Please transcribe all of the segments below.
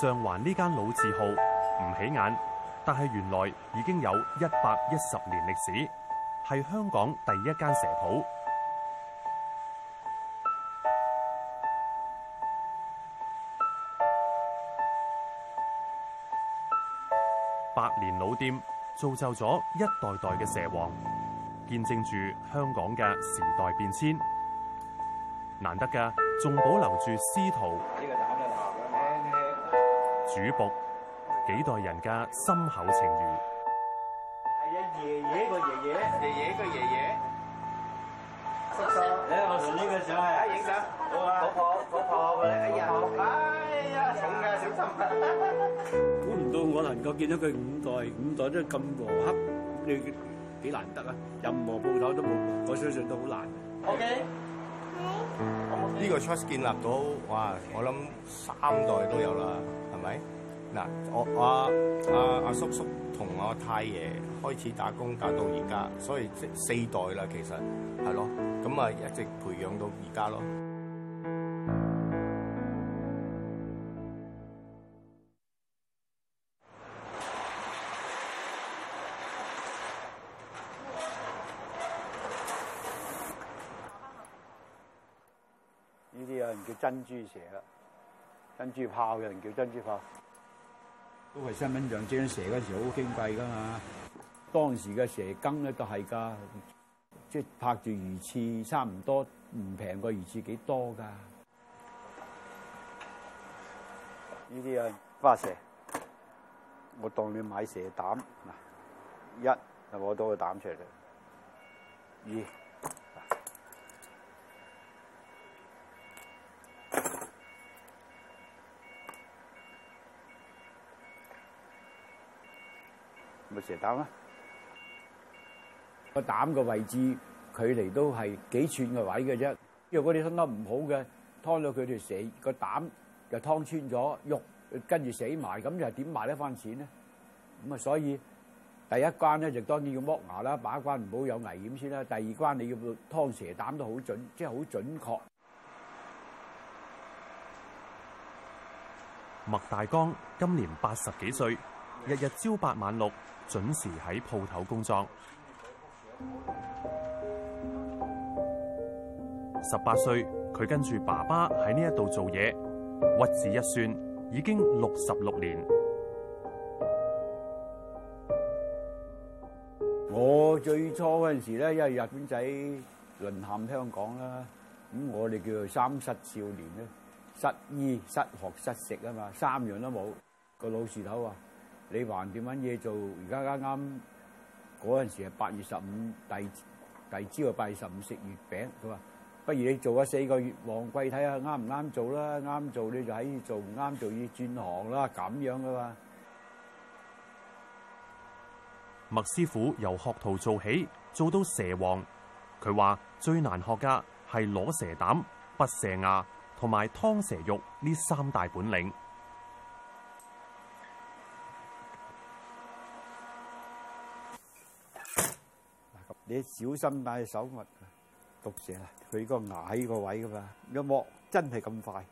上環呢間老字號唔起眼，但係原來已經有一百一十年歷史，係香港第一間蛇鋪。百年老店造就咗一代代嘅蛇王，見證住香港嘅時代變遷。難得㗎，仲保留住師徒。主僕幾代人家深厚情誼，係啊、哎，爺爺個爺爺，爺爺個爺爺，叔叔，誒，我仲拎個相係，影相，好啊，婆婆，婆婆，你，哎呀，這個、哎呀，重啊，小心啊，估唔到我能夠見到佢五代，五代都咁和諧，你幾難得啊，任何鋪頭都冇，我相信都好難。OK，呢個 trust 建立到，哇，我諗三代都有啦。咪嗱，我阿阿阿叔叔同我太爺開始打工，搞到而家，所以四代啦，其實係咯，咁啊一直培養到而家咯。呢啲有人叫珍珠蛇啦。珍珠炮嘅人叫珍珠炮，都係新聞上，即係蛇嗰時好矜貴噶嘛，當時嘅蛇羹咧都係噶，即係拍住魚翅差唔多，唔平過魚翅幾多噶？呢啲啊花蛇，我當你買蛇膽嗱，一就攞到個膽出嚟，二。冇個蛇膽啊！個膽嘅位置距離都係幾寸嘅位嘅啫。如果你身得唔好嘅，劏到佢條蛇個膽就劏穿咗肉，跟住死埋，咁又點賣得返錢呢？咁啊，所以第一關咧就當然要剝牙啦，把關唔好有危險先啦。第二關你要劏蛇膽都好準，即係好準確。麥大江今年八十幾歲。日日朝八晚六，準時喺鋪頭工作歲。十八歲，佢跟住爸爸喺呢一度做嘢。屈指一算，已經六十六年。我最初嗰陣時咧，因為日本仔淪陷香港啦，咁我哋叫做三失少年咧，失醫、失學、失食啊嘛，三樣都冇。個老鼠頭啊。你還點揾嘢做？而家啱啱嗰陣時係八月十五，第第朝個八月十五食月餅。佢話：不如你做咗四個月旺季，睇下啱唔啱做啦。啱做你就喺度做，唔啱就要轉行啦。咁樣噶嘛。麥師傅由學徒做起，做到蛇王。佢話最難學噶係攞蛇膽、剝蛇牙同埋劏蛇肉呢三大本領。你小心帶、啊、手物毒蛇啦！佢個牙喺個位噶嘛，一剝真係咁快。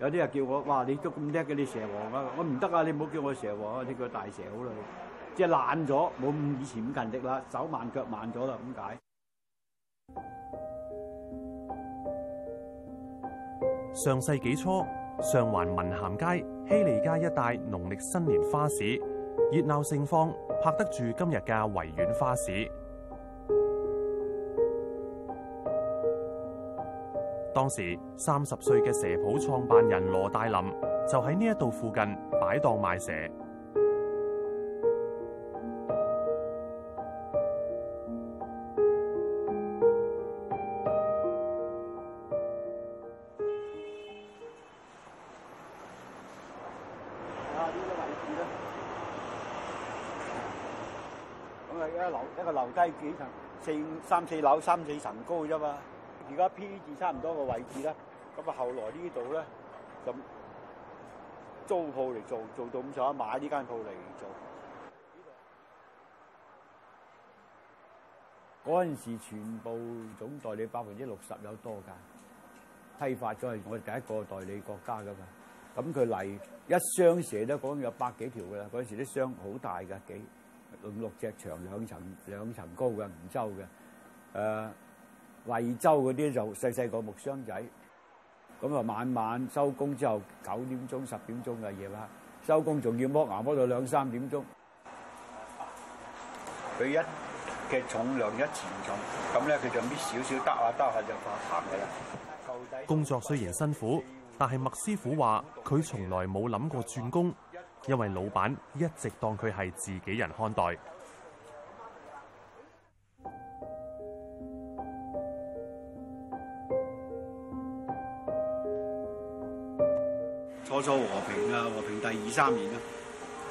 有啲人叫我哇，你都咁叻嘅，你蛇王啊！我唔得啊，你唔好叫我蛇王，你叫大蛇好啦。即係懶咗，冇以前咁近力啦，手慢腳慢咗啦，咁解。上世紀初，上環文咸街、希利街一帶，農曆新年花市熱鬧盛況，拍得住今日嘅維園花市。當時三十歲嘅蛇鋪創辦人羅大林就喺呢一度附近擺檔賣蛇。咁啊，一樓一個樓低幾層，四三四樓三四層高啫嘛。而家 P 字差唔多個位置咧，咁啊後來呢度咧就租鋪嚟做，做到咁上下買呢間鋪嚟做。嗰陣時全部總代理百分之六十有多噶，批發咗係我哋第一個代理國家噶嘛。咁佢嚟一箱蛇咧，講有百幾條噶啦。嗰陣時啲箱好大噶，幾五六隻長兩層兩層高嘅梧州嘅，誒、呃。惠州嗰啲就細細個木箱仔，咁啊晚晚收工之後九點鐘十點鐘嘅夜晚收工，仲要剝牙剝到兩三點鐘。佢一嘅重量一前重，咁咧佢就搣少少得下得下就行嘅啦。工作雖然辛苦，但係麥師傅話佢從來冇諗過轉工，因為老闆一直當佢係自己人看待。初初和平啊，和平第二三年啦，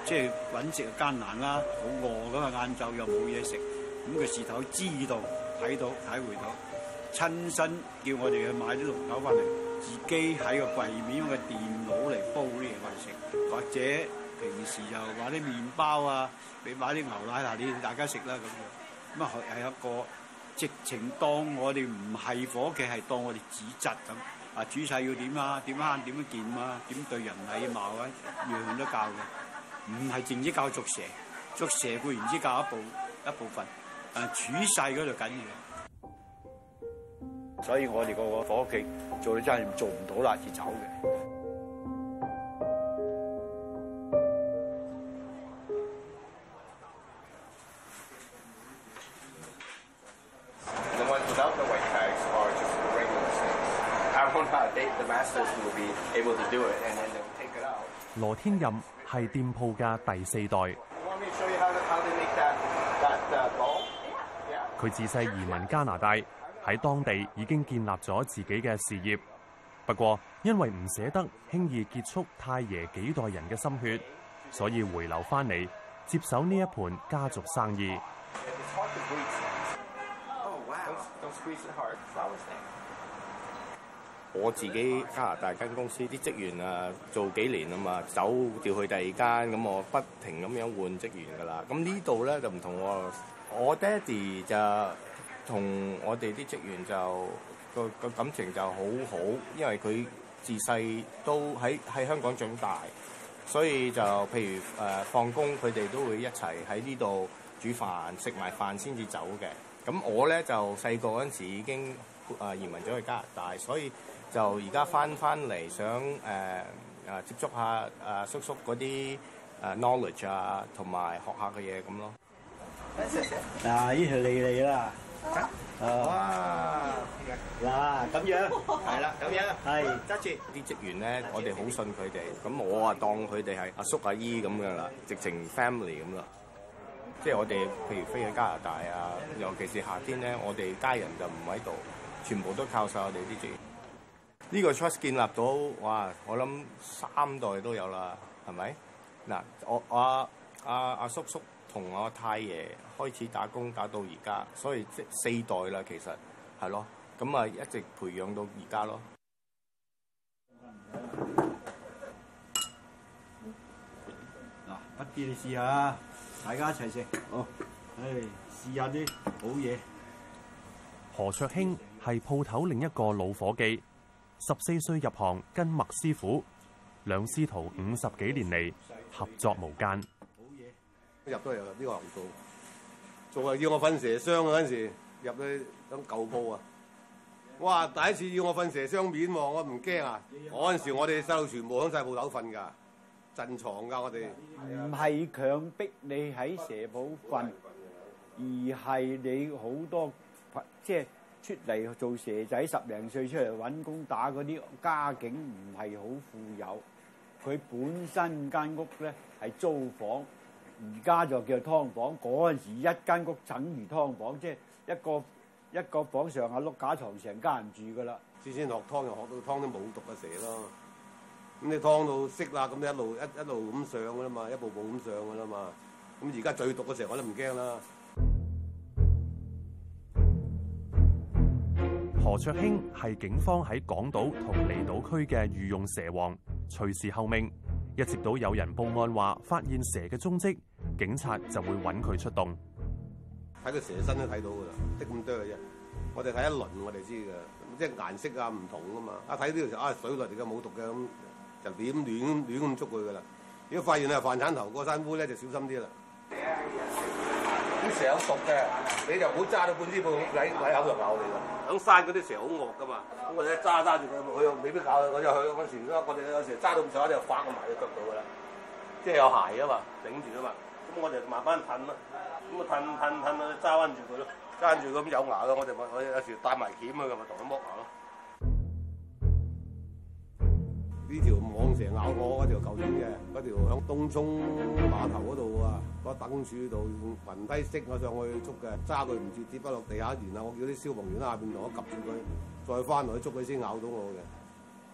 即係揾食又艱難啦，好餓噶嘛，晏晝又冇嘢食，咁佢事頭知道睇到體會到，親身叫我哋去買啲綠豆翻嚟，自己喺個櫃面用個電腦嚟煲啲嘢翻嚟食，或者平時又買啲麵包啊，你買啲牛奶嗱，你大家食啦咁，咁啊係一個直情當我哋唔係火嘅，係當我哋紙質咁。啊！處世要點啊？點慳？點樣見啊？點對人禮貌啊？樣樣都教嘅，唔係淨止教捉蛇，捉蛇固然之教一部一部分，但係處世嗰度緊要。所以我哋個個夥計做到真係做唔到啦，至走嘅。天任係店鋪嘅第四代，佢自細移民加拿大，喺當地已經建立咗自己嘅事業。不過因為唔捨得輕易結束太爺幾代人嘅心血，所以回流翻嚟接手呢一盤家族生意。我自己加拿大間公司啲職員啊，做幾年啊嘛，走調去第二間，咁我不停咁樣換職員噶啦。咁呢度咧就唔同，我爹哋就同我哋啲職員就個個感情就好好，因為佢自細都喺喺香港長大，所以就譬如誒放工，佢哋都會一齊喺呢度煮飯食埋飯先至走嘅。咁我咧就細個嗰陣時已經啊、呃、移民咗去加拿大，所以。就而家翻翻嚟，想誒誒接觸下誒叔叔嗰啲誒 knowledge 啊，同埋學下嘅嘢咁咯。嗱，呢條脷嚟啦。哇！嗱，咁樣係啦，咁樣係揸住啲職員咧，我哋好信佢哋。咁我啊當佢哋係阿叔阿姨咁樣啦，直情 family 咁啦。即係我哋譬如飛去加拿大啊，尤其是夏天咧，我哋家人就唔喺度，全部都靠晒我哋啲職員。呢個 trust 建立到哇，我諗三代都有啦，係咪？嗱，我阿阿阿叔叔同我太爺開始打工打到而家，所以即四代啦，其實係咯，咁啊一直培養到而家咯。嗱，不試你試下，大家一齊食，好，唉，試下啲好嘢。何卓興係鋪頭另一個老伙計。十四歲入行，跟麥師傅兩師徒五十幾年嚟合作無間。好嘢，入都入呢啲行度，仲係要我瞓蛇箱。嗰陣時，入佢咁舊鋪啊！哇，第一次要我瞓蛇箱面喎，我唔驚啊！嗰陣時我哋細路全部響晒鋪頭瞓噶，震牀噶我哋。唔係強迫你喺蛇鋪瞓，不而係你好多即係。就是出嚟做蛇仔，十零歲出嚟揾工打嗰啲，家境唔係好富有，佢本身間屋咧，係租房，而家就叫做劏房。嗰陣時一間屋整如劏房，即係一個一個房上下碌架床，成家人住噶啦。先先學劏，又學到劏都冇毒嘅蛇咯。咁你劏到識啦，咁你一路一一路咁上噶啦嘛，一步步咁上噶啦嘛。咁而家最毒嘅蛇我都唔驚啦。何卓興係警方喺港島同離島區嘅御用蛇王，隨時候命。一接到有人報案話發現蛇嘅蹤跡，警察就會揾佢出動。睇個蛇身都睇到噶啦，得咁多嘅啫。我哋睇一輪，我哋知噶，即係顏色啊唔同噶嘛。一睇呢條蛇啊，水嚟嘅冇毒嘅，咁就點亂亂咁捉佢噶啦。如果發現係飯鏟頭、過山烏咧，就小心啲啦。蛇好毒嘅，你就唔好揸到半支布喺喺口度咬你啦。響山嗰啲蛇好惡噶嘛，咁我哋揸揸住佢，佢又未必咬。我又去嗰時我慢慢，我哋有時揸到咁上下，我哋又翻個埋腳度噶啦，即係有鞋啊嘛，頂住啊嘛。咁我哋慢慢褪咯，咁啊褪褪褪啊，揸穩住佢咯，揸住咁有牙咯，我哋我我有時帶埋鉗去，咪同佢剝牙咯。呢條。蛇咬我嗰、那個、條舊犬嘅嗰條響東涌碼頭嗰度啊，那個等處度雲梯識我上去捉嘅，揸佢唔住跌不落地下，然後我叫啲消防員喺下邊台，及住佢再翻落去捉佢先咬到我嘅。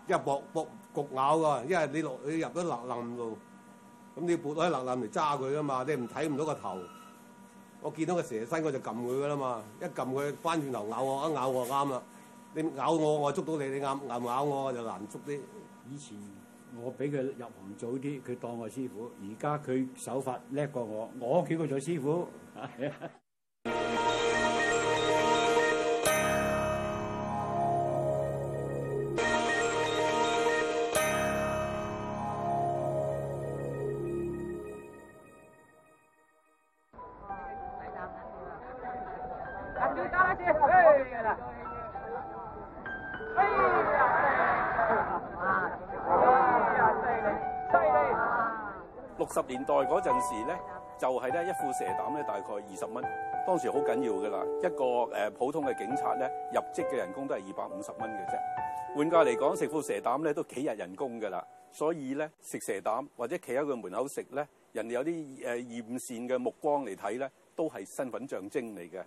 一搏搏焗咬㗎，因為你落你入咗垃冧度，咁你撥喺垃冧嚟揸佢㗎嘛，你唔睇唔到個頭。我見到個蛇身我就撳佢㗎啦嘛，一撳佢翻轉頭咬我，一咬我啱啦。你咬我，我捉到你，你咬；唔咬我我就難捉啲。以前。我俾佢入行早啲，佢當我師傅。而家佢手法叻過我，我叫佢做師傅。 十年代嗰陣時咧，就係咧一副蛇膽咧，大概二十蚊。當時好緊要噶啦，一個誒普通嘅警察咧，入職嘅人工都係二百五十蚊嘅啫。換價嚟講，食副蛇膽咧都幾日人工噶啦。所以咧，食蛇膽或者企喺佢門口食咧，人哋有啲誒艷羨嘅目光嚟睇咧，都係身份象徵嚟嘅。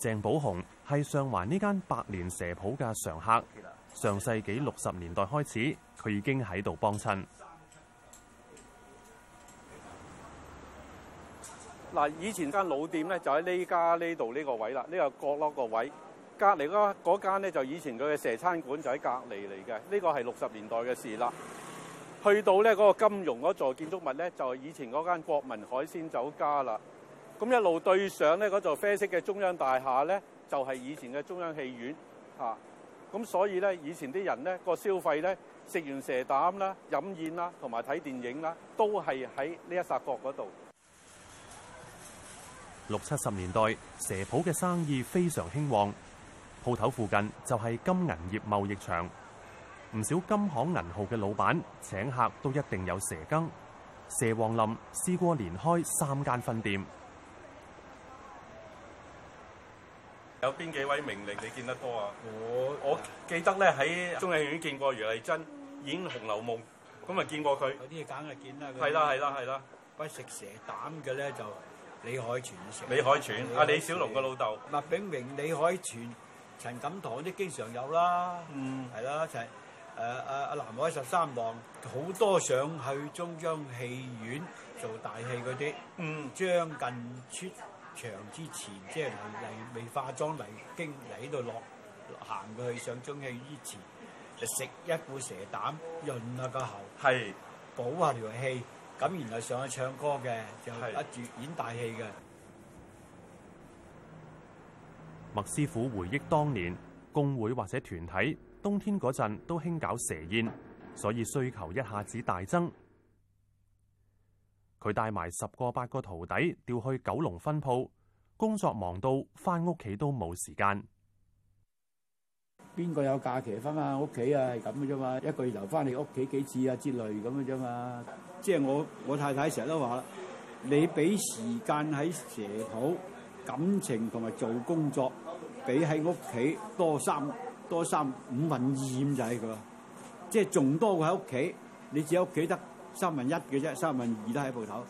鄭寶雄係上環呢間百年蛇鋪嘅常客。上世紀六十年代開始，佢已經喺度幫襯。嗱，以前間老店咧就喺呢家呢度呢個位啦，呢個角落個位。隔離嗰間咧就以前佢嘅蛇餐館就喺隔離嚟嘅。呢個係六十年代嘅事啦。去到咧嗰個金融嗰座建築物咧，就係以前嗰間國民海鮮酒家啦。咁一路對上咧嗰座啡色嘅中央大廈咧，就係以前嘅中央戲院嚇。咁所以咧，以前啲人呢個消費呢，食完蛇膽啦、飲宴啦、同埋睇電影啦，都係喺呢一剎角嗰度。六七十年代，蛇舖嘅生意非常興旺，鋪頭附近就係金銀業貿易場，唔少金行銀號嘅老闆請客都一定有蛇羹。蛇王林試過連開三間分店。有邊幾位名伶你見得多啊？我我記得咧喺中影院見過余麗珍演《紅樓夢》，咁啊見過佢。有啲嘢梗係見啦。係啦係啦係啦。喂，食蛇膽嘅咧就李海泉。李海泉啊，李小龍個老豆。麥炳榮、李海泉、陳錦棠都經常有啦。嗯，係啦，陳誒誒阿南海十三郎好多想去中央戲院做大戲嗰啲。嗯，將近出場之前，即係嚟嚟未化妝嚟經嚟喺度落行過去上中戲之前，就食一副蛇膽潤下個喉，係是補下條氣。咁然後上去唱歌嘅，就一住演大戲嘅。是麥師傅回憶當年工會或者團體冬天嗰陣都興搞蛇宴，所以需求一下子大增。佢帶埋十個八個徒弟調去九龍分鋪，工作忙到翻屋企都冇時間。邊個有假期分啊，屋企啊，係,咁嘅啫嘛，一個月留翻你屋企幾次啊之類咁嘅啫嘛。 即係我我太太成日都話啦，你俾時間喺蛇鋪感情同埋做工作，比喺屋企多三多三五分二咁就係噶，即係仲多過喺屋企。你只有屋企得。三文一嘅啫，三文二都喺鋪頭。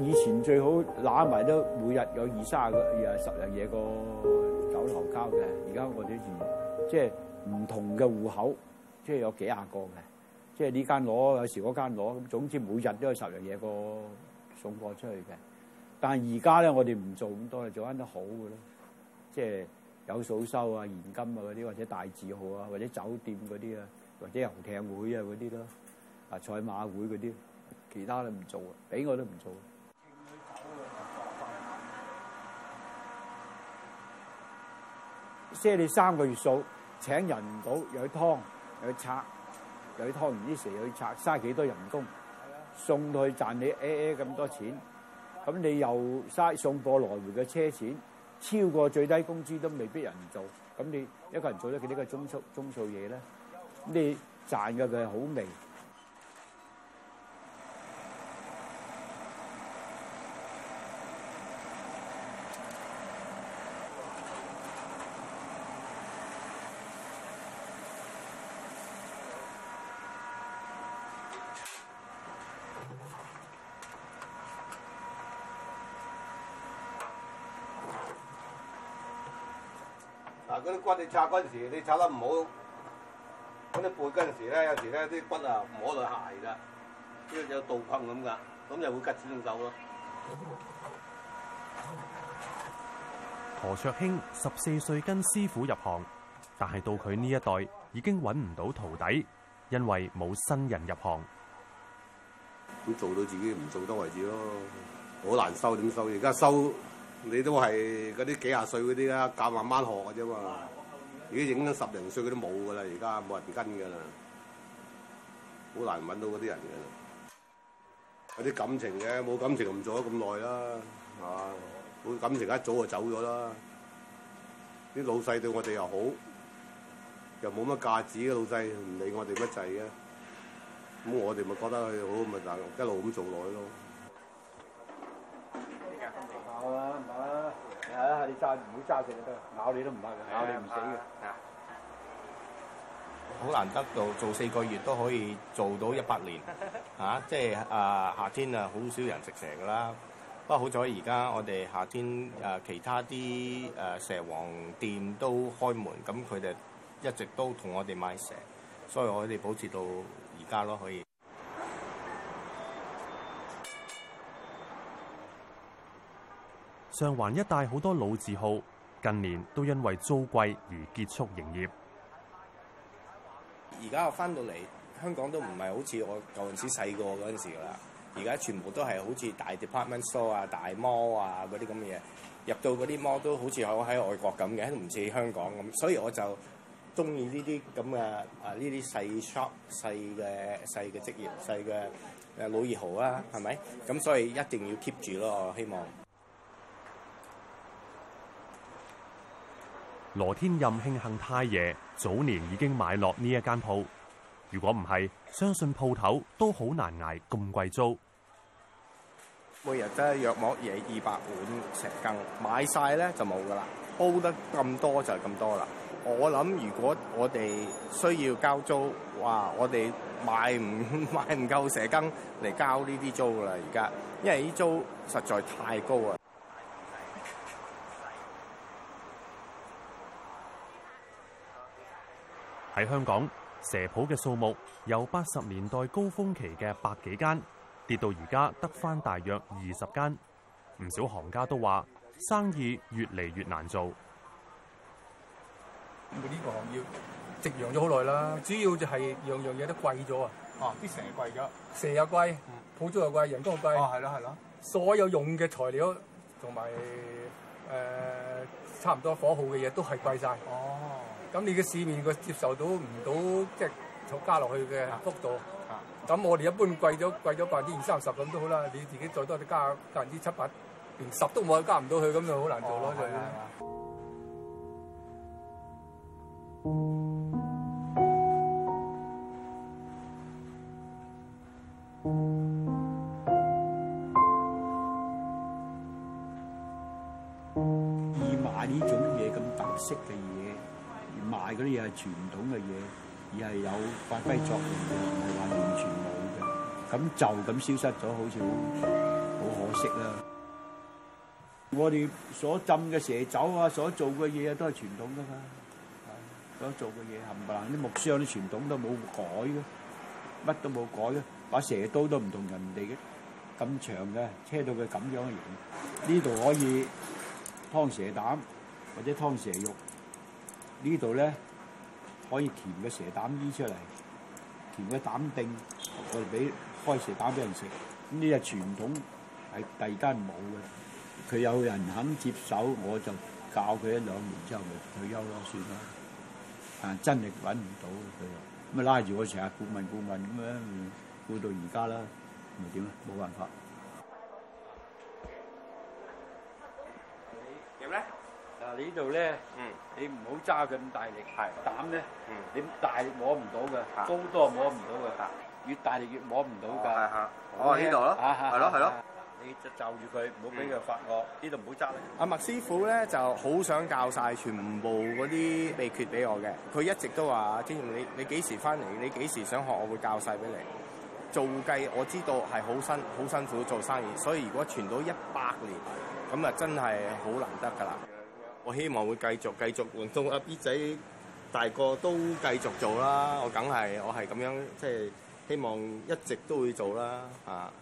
以前最好攬埋都每日有二卅個、廿十零嘢個酒樓交嘅，而家我哋即係唔同嘅戶口，即係有幾廿個嘅，即係呢間攞，有時嗰間攞，總之每日都有十零嘢個送貨出去嘅。但而家咧，我哋唔做咁多，做翻啲好嘅咯，即係有數收啊、現金啊嗰啲，或者大字號啊、或者酒店嗰啲啊，或者遊艇會啊嗰啲咯，啊賽馬會嗰啲，其他都唔做啊，俾我都唔做。即係你三個月數請人唔到，又要劏，又要拆，又要劏完啲蛇又要拆，嘥幾多人工，送到去賺你 A A 咁多錢。咁你又嘥送貨來回嘅車錢，超過最低工資都未必人做。咁你一個人做得幾多個鐘數鐘數嘢咧？呢你賺嘅佢好微。你拆嗰陣時，你擦得唔好，嗰啲背嗰陣時咧，有時咧啲骨啊摸到鞋啦，即係有道框咁噶，咁就會吉折到手咯。何卓興十四歲跟師傅入行，但係到佢呢一代已經揾唔到徒弟，因為冇新人入行。要做到自己唔做得為止咯，好難收點收？而家收你都係嗰啲幾廿歲嗰啲啦，教慢慢學嘅啫嘛。而家影咗十零歲，佢都冇㗎啦！而家冇人跟㗎啦，好難揾到嗰啲人㗎啦。有啲感情嘅，冇感情唔做咗咁耐啦。啊、哎，冇感情一早就走咗啦。啲老細對我哋又好，又冇乜架子嘅老細，唔理我哋乜滯嘅。咁我哋咪覺得佢好，咪一路一路咁做耐咯。好啊！係啊！你揸唔會揸死就得，咬你都唔怕嘅，咬你唔死嘅。好難得到做四個月都可以做到一百年嚇、 啊，即係啊，夏天啊，好少人食蛇㗎啦。不過好彩而家我哋夏天誒、啊、其他啲誒蛇王店都開門咁，佢哋一直都同我哋買蛇，所以我哋保持到而家咯，可以。上環一帶好多老字號，近年都因為租貴而結束營業。而家我翻到嚟，香港都唔係好似我舊陣時細個嗰陣時啦。而家全部都係好似大 department store 啊、大 mall 啊嗰啲咁嘅嘢。入到嗰啲 mall 都好似我喺外國咁嘅，都唔似香港咁。所以我就中意呢啲咁嘅啊呢啲細 shop 小、細嘅細嘅職業、細嘅老二號啊，係咪？咁所以一定要 keep 住咯，我希望。羅天任慶幸太爺早年已經買落呢一間鋪如果唔係，相信鋪頭都好難捱咁貴租。每日都約莫二二百碗蛇羹，買晒咧就冇噶啦，煲得咁多就係咁多啦。我諗如果我哋需要交租，哇，我哋賣唔賣唔夠蛇羹嚟交呢啲租噶啦，而家，因為呢啲租實在太高啦。喺香港，蛇鋪嘅數目由八十年代高峰期嘅百幾間，跌到而家得返大約二十間。唔少行家都話生意越嚟越難做。呢個行業夕陽咗好耐啦，主要就係樣樣嘢都貴咗啊！啊、哦，啲成日貴噶，蛇又貴，鋪租又貴，人工又貴。係咯、哦，係咯。的所有用嘅材料同埋誒差唔多火耗嘅嘢都係貴晒。哦。咁你嘅市面佢接受到唔到，即係就是、加落去嘅幅度。咁、啊啊啊、我哋一般貴咗貴咗百分之二三十咁都好啦。你自己再多啲加百分之七八，連十都冇加唔到佢咁就好難做咯。就係、哦、以啊！以買呢種嘢咁特色嘅。係嗰啲嘢係傳統嘅嘢，而係有發揮作用嘅，唔係話完全冇嘅。咁就咁消失咗，好似好好可惜啦。我哋所浸嘅蛇酒啊，所做嘅嘢啊，都係傳統噶嘛。所做嘅嘢冚唪唥啲木箱啲傳統都冇改嘅，乜都冇改嘅，把蛇刀都唔同人哋嘅咁長嘅，車到佢咁樣嘅型。呢度可以劏蛇膽或者劏蛇肉。呢度咧可以填個蛇膽衣出嚟，填個膽定，我哋俾開蛇膽俾人食，咁呢個傳統係第二間冇嘅，佢有,有人肯接手，我就教佢一兩年之後咪退休咯，算啦。但真係揾唔到佢，咁啊拉住我成日顧問顧問咁樣顧到而家啦，咪點呀？冇辦法。你呢度咧，你唔好揸咁大力，膽咧，你大力摸唔到噶，的高多摸唔到噶，的越大力越摸唔到噶。哦，呢度咯，係咯，係咯邊。啊、的的你就就住佢，唔好俾佢發惡。呢度唔好揸。阿麥師傅咧，就好想教晒全部嗰啲秘訣俾我嘅。佢一直都話：阿天你你幾時翻嚟？你幾時,時想學，我會教晒俾你。做計，我知道係好辛好辛苦做生意，所以如果傳到一百年，咁啊真係好難得㗎啦。我希望會繼續繼續換，做阿 B 仔大個都繼續做啦。我梗係我係咁樣，即係希望一直都會做啦。啊